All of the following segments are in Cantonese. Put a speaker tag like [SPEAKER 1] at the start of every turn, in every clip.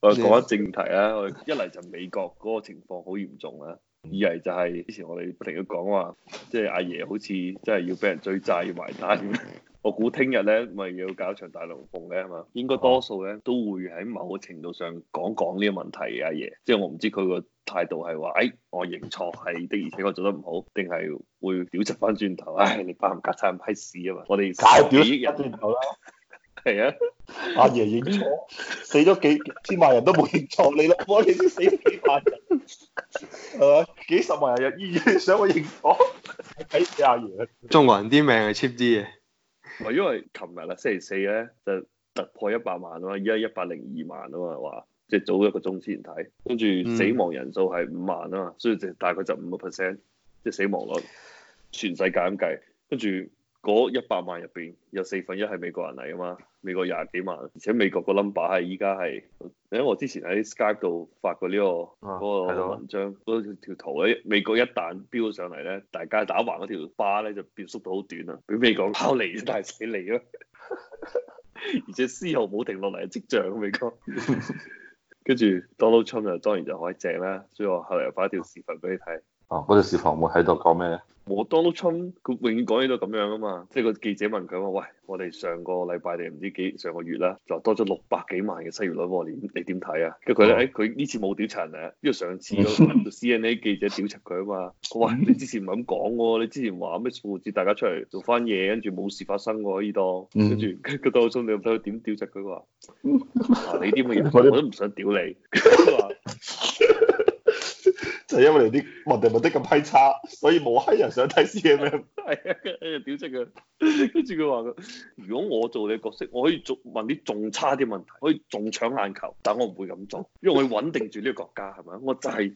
[SPEAKER 1] 我講一
[SPEAKER 2] 正題啊！我一嚟就美國嗰個情況好嚴重啊，二嚟就係之前我哋不停咁講話，即係阿爺好似真係要俾人追債要埋單，我估聽日咧咪要搞場大龍鳳咧係嘛？應該多數咧都會喺某個程度上講講呢個問題，阿爺，即係我唔知佢個態度係話，誒我認錯係的，而且我做得唔好，定係會調集翻轉頭，唉你班唔夾餐批屎啊嘛！我哋解決
[SPEAKER 1] 翻阿、啊、爺認錯，死咗幾，幾千萬人都冇認錯你啦，我哋先死咗幾萬人，係咪？幾十萬人入醫院想我認錯，睇死阿、啊、爺。
[SPEAKER 2] 中國人啲命係 cheap 啲嘅，因為琴日啊星期四咧就突破一百萬啊嘛，而家一百零二萬啊嘛話，即係、就是、早一個鐘之前睇，跟住死亡人數係五萬啊嘛，嗯、所以就大概就五個 percent 即係死亡率全世界咁計，跟住。嗰一百萬入邊有四分一係美國人嚟啊嘛，美國廿幾萬，而且美國個 number 係依家係，因為我之前喺 Skype 度發過呢、呢個嗰、啊、文章，嗰條、啊、圖咧美國一旦飆上嚟咧，大家打橫嗰條巴咧就變縮到好短啦，俾美國拋離曬死你。咯， 而且絲毫冇停落嚟嘅跡象，美國、啊。
[SPEAKER 1] 跟住
[SPEAKER 2] Donald Trump 就當然就可以正啦，所以我後嚟又發一條視頻俾你睇。哦、
[SPEAKER 1] 啊，嗰條視頻會喺度講咩咧？
[SPEAKER 2] 我當到春，佢永遠講起都咁樣啊嘛！即係個記者問佢話：喂，我哋上個禮拜定唔知幾上個月啦，就多咗六百幾萬嘅失業率喎，你你點睇啊？跟住佢咧，誒、uh，佢、huh. 呢、欸、次冇屌柒啊，因為上次個 CNA 記者屌柒佢啊嘛，佢話：你之前唔係咁講喎，你之前話咩？歡迎大家出嚟做翻嘢，跟住冇事發生喎，呢度，當、uh。嗯、huh.。跟住覺得好春，你咁睇點屌柒佢話？
[SPEAKER 1] 嗱，
[SPEAKER 2] 你啲咁嘅嘢我都唔想
[SPEAKER 1] 屌你。 因為你啲問題問得咁批差，所以冇黑人想睇 CMM。 啊，跟
[SPEAKER 2] 住屌跟住佢話：如果我做你角色，我可以做問啲仲差啲問題，可以仲搶眼球，但我唔會咁做，因為我穩定住呢個國家，係咪？我就係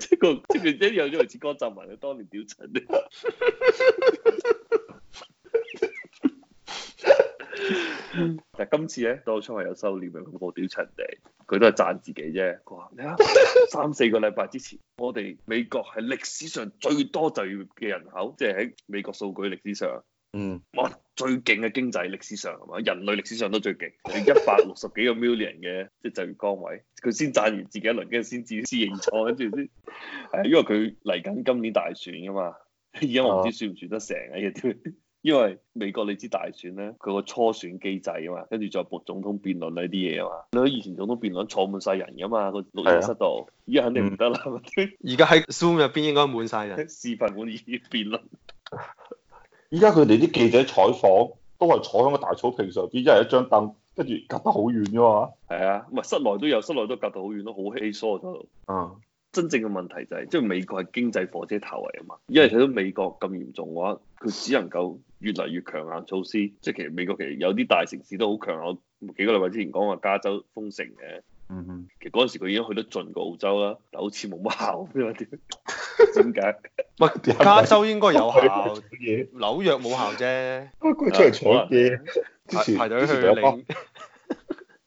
[SPEAKER 2] 即係個即係一樣，即係浙江習民，你當年表柒 但係今次咧，當初係有收斂，又冇屌陳地，佢都係讚自己啫。佢話咩啊？三四個禮拜之前，我哋美國係歷史上最多就業嘅人口，即係喺美國數據歷史上，嗯，哇，最勁嘅經濟歷史上係嘛？人類歷史上都最勁，佢一百六十幾個 million 嘅即係就業崗位，佢先讚完自己一輪，跟住先至認錯，跟住先係，因為佢嚟緊今年大選噶嘛，而家我唔知算唔算得成啊， 因為美國你知大選咧，佢個初選機制啊嘛，跟住再播總統辯論呢啲嘢啊嘛，你睇以前總統辯論坐滿晒
[SPEAKER 1] 人噶嘛，個錄音室度，
[SPEAKER 2] 依家、啊、肯定唔得啦。而家喺 Zoom 入邊應該滿晒人，視頻會議辯論。
[SPEAKER 1] 依家佢哋啲記者採訪都係坐喺個大草坪上邊，一係一張凳，跟住隔得好遠啫嘛。係啊，
[SPEAKER 2] 唔係室內都有，室內都隔得好遠都好稀疏都。嗯。真正嘅問題就係、是，即係美國係經濟火車頭嚟啊嘛，因為睇到美國咁嚴重嘅話，佢只能夠越嚟越強硬措施。即係其實美國其實有啲大城市都好強硬，我幾個禮拜之前講過加州封城嘅，嗯哼，其實嗰陣時佢已經去得盡過澳洲啦，但好似冇乜效咁樣，點解？
[SPEAKER 1] 加州應該有效嘅，紐約冇效啫，佢出嚟搶嘢，排隊、啊、去，去領，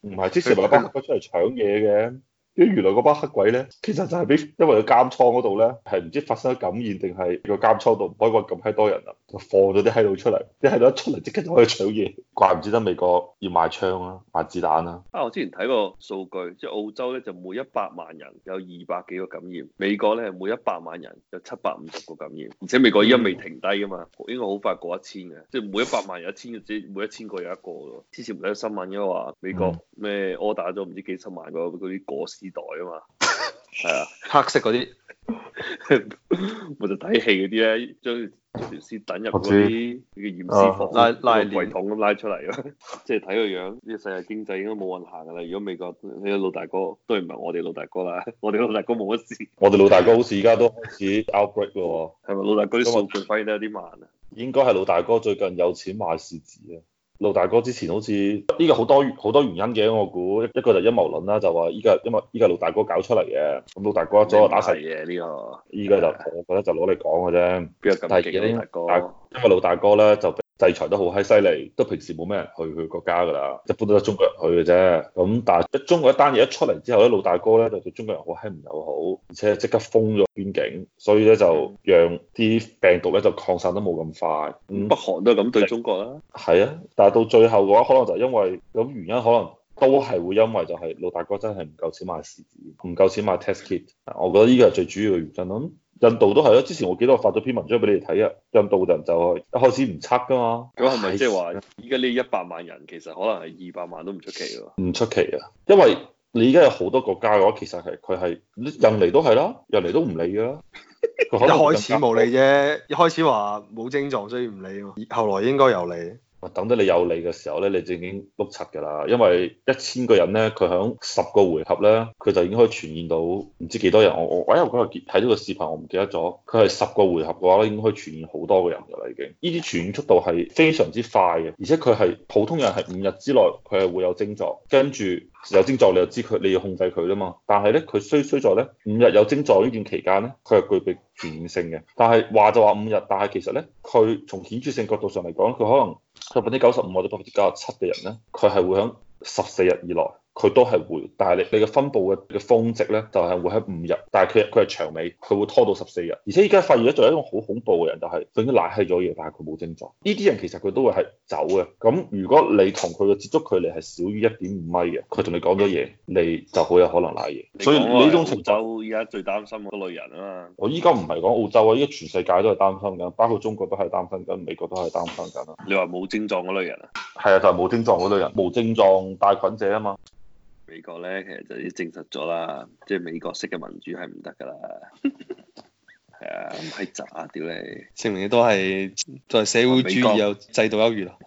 [SPEAKER 1] 唔係之前阿伯佢出嚟搶嘢嘅。咁原來嗰班黑鬼咧，其實就係俾因為個監倉嗰度咧，係唔知發生咗感染定係個監倉度唔可以過咁閪多人啦，就放咗啲閪佬出嚟，啲閪佬一出嚟即刻就可以搶嘢，怪唔之得美國要賣槍啊，賣子彈啦、
[SPEAKER 2] 啊。啊，我之前睇過數據，即係澳洲咧就每一百萬人有二百幾個感染，美國咧每一百萬人有七百五十個感染，而且美國依家未停低㗎嘛，嗯、應該好快過一千嘅，即係每一百萬有一千個，即每一千個有一個咯。之前唔睇新聞因為話，美國、嗯。咩 order 咗唔知幾十萬個嗰啲裹屍袋啊嘛，係 啊，黑色嗰啲，我就睇戲嗰啲咧，將條屍等入嗰啲叫驗屍房，啊、拉拉櫃桶咁拉出嚟咯，即係睇個樣，呢個世界經濟應該冇運行噶啦。如果美國呢個老大哥
[SPEAKER 1] 都唔係我哋老大哥啦，我哋老大哥冇乜事， 我哋老大哥好似而家都開始 outbreak 喎，係咪老大哥啲數據反應得有啲慢？應該係老大哥最近有錢買市紙啊。老大哥之前好似呢個好多好多原因嘅，我估一個就陰謀論啦，就話依家因為依家老大哥搞出嚟嘅，咁老大哥一早就打晒嘢呢個依家就係我覺得就攞嚟講嘅啫。但係而家，但因為老大哥咧就。制裁都好閪犀利，都平時冇咩人去去國家噶啦，一般都係中國人去嘅啫。咁但係中國一單嘢一出嚟之後，啲老大哥咧就對中國人好閪唔友好，而且即刻封咗邊境，所以咧就讓啲病毒咧就擴散得冇咁快。嗯，北韓都係咁對中國啦。係啊，但係到最後嘅話，可能就因為咁原因，可能都係會因為就係老大哥真係唔夠錢買試紙，唔夠錢買 test kit。我覺得呢個係最主要嘅原因。印度都係咯，之前我記得我發咗篇文章俾你哋睇啊。印度人就係一開始唔測噶嘛。咁係咪即係話依家呢一百萬人
[SPEAKER 2] 其實可能係二百萬都唔出奇喎？
[SPEAKER 1] 唔出奇啊，因為你而家有好多國家嘅話，其實係佢係印尼都係啦，入嚟都唔理噶啦。 一開始冇理啫，一開始話
[SPEAKER 2] 冇症狀，所以唔理啊
[SPEAKER 1] 嘛。後來應該有理。等到你有利嘅時候咧，你就已經碌柒㗎啦。因為一千個人咧，佢響十個回合咧，佢就已經可以傳染到唔知幾多人。我我我有嗰個睇咗個視頻，我唔記得咗。佢係十個回合嘅話咧，應該可以傳染好多個人㗎啦。已經呢啲傳染速度係非常之快嘅，而且佢係普通人係五日之內佢係會有症狀，跟住有症狀你就知佢你要控制佢啦嘛。但係咧佢衰衰在咧五日有症狀呢段期間咧，佢係具備傳染性嘅。但係話就話五日，但係其實咧佢從顯著性角度上嚟講，佢可能。百分之九十五或者百分之九十七嘅人咧，佢係會響十四日以內。佢都係會，但係你你嘅分布嘅嘅峰值咧，就係會喺五日，但係佢佢係長尾，佢會拖到十四日。而且依家發現咗仲有一種好恐怖嘅人，就係佢已經攋係咗嘢，但係佢冇症狀。呢啲人其實佢都會係走嘅。咁如果你同佢嘅接觸距離係少於一點五米嘅，佢同你講咗嘢，你就好有可能攋嘢。所以呢種情
[SPEAKER 2] 況，而家最擔心嗰類人啊。
[SPEAKER 1] 我依家唔係講澳洲啊，依家全世界都係擔心緊，包括中國都係擔心緊，美國都係擔心緊啊。你話冇症狀嗰類人啊？係啊，就係冇症狀嗰類人，冇症狀帶菌者啊嘛。美國咧，其實就已經證實
[SPEAKER 2] 咗啦，即係美國式嘅民主係唔得噶啦，係 啊，唔係閪啊屌你，證明你都係在社會主義有制度優越咯。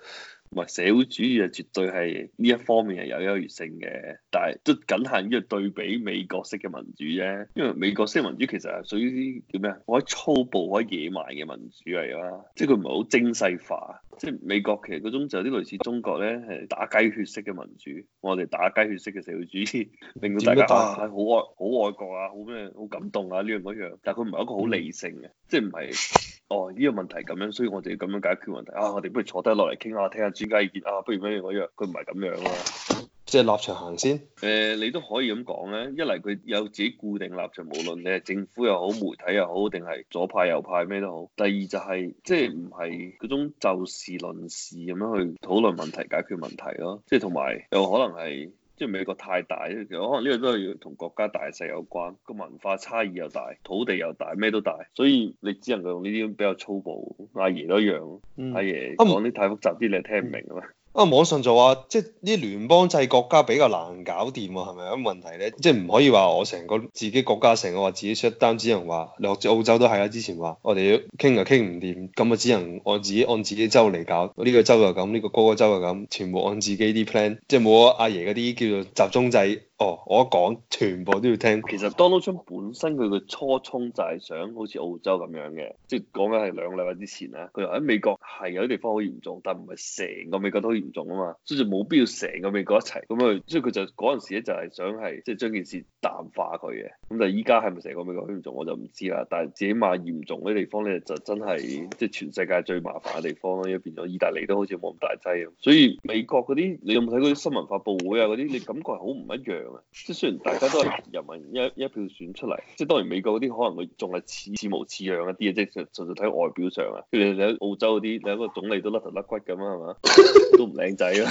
[SPEAKER 2] 唔係社會主義啊，絕對係呢一方面係有優越性嘅，但係都僅限於對比美國式嘅民主啫。因為美國式民主其實係屬於啲叫咩啊？可以粗暴、可以野蠻嘅民主嚟啦，即係佢唔係好精細化。即係美國其實嗰種就有啲類似中國咧係打雞血式嘅民主，我哋打雞血式嘅社會主義，令到 大家係好愛、好愛國啊，好咩、好感動啊呢樣嗰樣。但係佢唔係一個好理性嘅，即係唔係。哦，呢個問題咁樣，所以我哋要咁樣解決問題啊！我哋不如坐低落嚟傾下談談談，聽下專家意見啊！不如咩嗰樣，佢唔係咁樣咯，即係立場行先。誒、呃，你都可以咁講咧。一嚟佢有自己固定立場，無論你係政府又好、媒體又好，定係左派右派咩都好。第二就係即係唔係嗰種就事論事咁樣去討論問題、解決問題咯。即係同埋又可能係。即係美國太大，其實可能呢個都係要同國家大細有關，個文化差異又大，土地又大，咩都大，所以你只能夠用呢啲比較粗暴。阿爺都一樣，阿、嗯、爺講啲太複雜啲，你聽唔明嘅咩？啊！網上就話，即係啲聯邦制國家比較難搞掂喎，係咪咁問題咧？即係唔可以話我成個自己國家成個話自己出單，只能話，例如澳洲都係啊。之前話我哋要傾又傾唔掂，咁啊只能按自己按自己州嚟搞，呢個州就咁，呢個嗰個州就咁，全部按自己啲 plan，即係冇阿爺嗰啲叫做集中制。哦，我講全部都要聽。其實 Donald Trump 本身佢嘅初衷就係想好似澳洲咁樣嘅，即係講緊係兩個禮拜之前咧，佢話喺美國係有啲地方好嚴重，但唔係成個美國都好嚴重啊嘛，所以就冇必要成個美國一齊咁啊。所以佢就嗰陣時咧就係想係即係將件事淡化佢嘅。咁但係依家係咪成個美國好嚴重我就唔知啦。但係最起碼嚴重啲地方咧就真係即係全世界最麻煩嘅地方咯。因為變咗意大利都好似冇咁大劑，所以美國嗰啲你有冇睇過嗰啲新聞發佈會啊嗰啲？你感覺係好唔一樣。即係雖然大家都係人民一一票選出嚟，即係當然美國嗰啲可能佢仲係似似模似樣一啲啊，即係純粹睇外表上啊。譬如你喺澳洲嗰啲，你一個總理都甩頭甩骨咁啊，係嘛？ 都唔靚仔啊。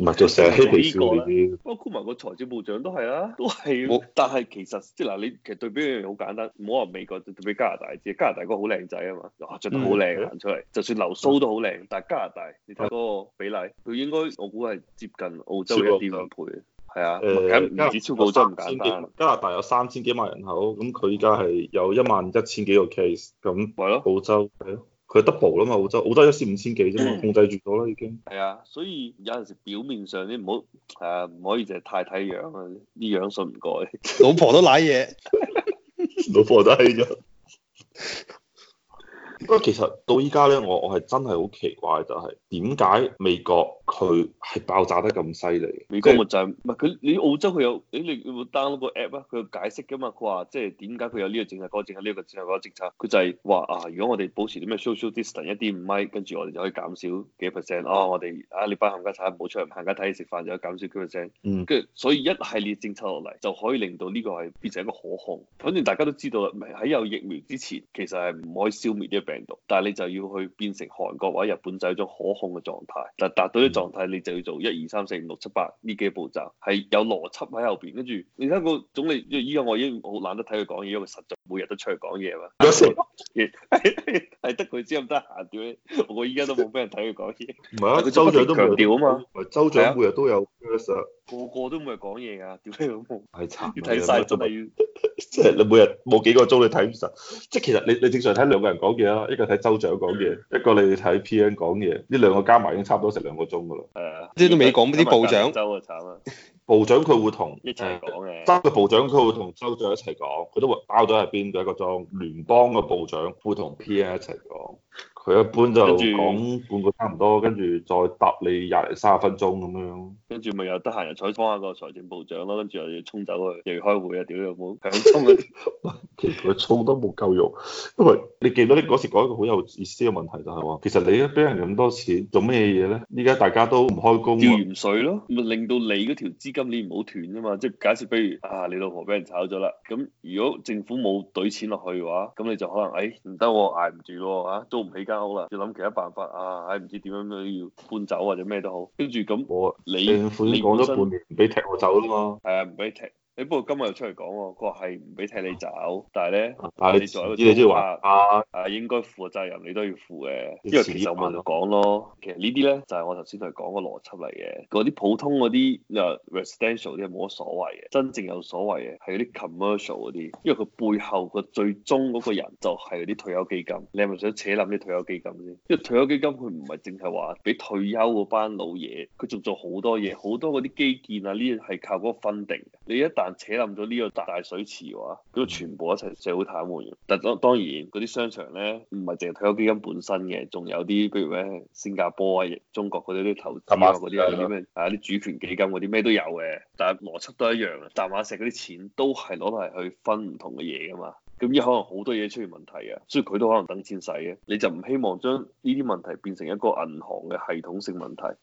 [SPEAKER 2] 唔係就成日 happy 笑呢，包括埋個財政部長都係啊，都係、啊。但係其實即嗱、就是，你其實對比一樣好簡單，唔好話美國對比加拿大，即係加拿大個好靚仔啊嘛，哇、啊、著得好靚行出嚟，啊、就算流蘇都好靚。嗯、但係加拿大，你睇嗰個比例，佢應該我估係接近澳洲嘅啲兩倍。係啊，唔、呃、止超過澳洲、呃，加拿大有三
[SPEAKER 1] 千幾三千幾萬人口，咁佢依家係有一萬一千幾個 case，咁澳洲係咯。佢 double 啦嘛，澳洲澳洲一線五千幾啫嘛，1, 5, 控制住咗啦已經。
[SPEAKER 2] 係啊，所以有陣時表面上你唔好誒，唔可以淨係、呃、太睇樣啊，
[SPEAKER 1] 啲樣信唔過。 老婆都瀨嘢， 老婆都係咗。 不過其實到依家咧，我我係真係好奇怪，就係點解美國佢係爆炸得咁犀利？美國就
[SPEAKER 2] 唔係佢，你澳洲佢有，有、啊，你你有冇 download 個 app 咩？佢有解釋㗎嘛？佢話即係點解佢有呢個政策、嗰、那個政策、呢個政策嗰個政策？佢就係、是、話啊，如果我哋保持啲咩 social distance 一點五米，跟住我哋就可以減少幾 percent。哦、啊，我哋啊，你班冚家鏟冇出嚟行街睇你食飯，就可以減少幾 percent。跟住、嗯、所以一系列政策落嚟就可以令到呢個係變成一個可控。反正大家都知道啦，喺有疫苗之前，其實係唔可以消滅這個病毒，但係你就要去變成韓國或者日本就係一種可控嘅狀態。嗱，達到啲狀態，你就要做一二三四五六七八呢幾個步驟，係有邏輯喺後邊。跟住你睇個總理，依家我已經好懶得睇佢講嘢，因為實在每日都出去講嘢嘛。有時係得佢知咁得閒？我依家都冇俾人睇佢講嘢。唔係啊，
[SPEAKER 1] 佢州長都唔強調啊嘛。州長每日都有。啊、
[SPEAKER 2] Sir 個個都唔係講嘢啊！屌你老母，
[SPEAKER 1] 要睇晒，真係要。 即係你每日冇幾個鐘你睇唔實，即係其實你你正常睇兩個人講嘢啦，一個睇州長講嘢，一個你睇 P N 講嘢，呢兩個加埋已經差唔多成兩個鐘㗎喇。誒、啊，即都未講啲部長。州啊慘啊！部長佢會同一齊講嘅。三個部長佢會同州長一齊講，佢都話包咗喺邊，一個鐘。聯邦嘅部長會同 P N 一齊講。佢一般就講半個差唔多，跟住再答你廿零三十分鐘咁樣。跟住咪又得閒又採訪下個財政部長咯，跟住又要衝走去又要開會啊，屌又冇咁衝啊。 其實衝都冇夠肉，因為你記得你嗰時講一個好有意思嘅問題就係話，其實你都俾人咁多錢做咩嘢咧？依家大家都唔開工、啊。吊鹽水咯，咪令到你嗰條資金鏈唔好斷啫嘛。即係
[SPEAKER 2] 假設，比如啊，你老婆俾人炒咗啦，咁如果政府冇賬錢落去嘅話，咁你就可能誒唔得喎，哎、捱唔住喎嚇，租唔起間好啦，要諗其他辦法啊！唉，唔知點樣都要搬走或者咩都好。跟住咁，你我你你講咗半年，唔俾踢我走啦嘛。係啊，唔俾踢。你不過今日又出嚟講，佢話係唔俾睇你找，但係咧，啊、你作為一個專家，啊，應該負責任，你都要負嘅。因為其實我講咯，其實呢啲咧就係、是、我頭先同你講個邏輯嚟嘅。嗰啲普通嗰啲啊，residential 啲冇乜所謂嘅，真正有所謂嘅係嗰啲 commercial 嗰啲，因為佢背後個最終嗰個人就係嗰啲退休基金。你係咪想扯冧啲退休基金先？因為退休基金佢唔係淨係話俾退休嗰班老嘢，佢仲做好多嘢，好多嗰啲基建啊，呢啲係靠嗰個 funding。你一旦扯冧咗呢個大大水池嘅話，都全部一齊社會癱瘓。但當當然嗰啲商場咧，唔係淨係退休基金本身嘅，仲有啲譬如咧新加坡啊、中國嗰啲啲投資啊嗰啲啊啲咩啊啲主權基金嗰啲咩都有嘅。但邏輯都一樣，淡馬錫嗰啲錢都係攞嚟去分唔同嘅嘢㗎嘛。咁一可能好多嘢出現問題嘅，所以佢都可能等錢使嘅。你就唔希望將呢啲問題變成一個銀行嘅系統性問題。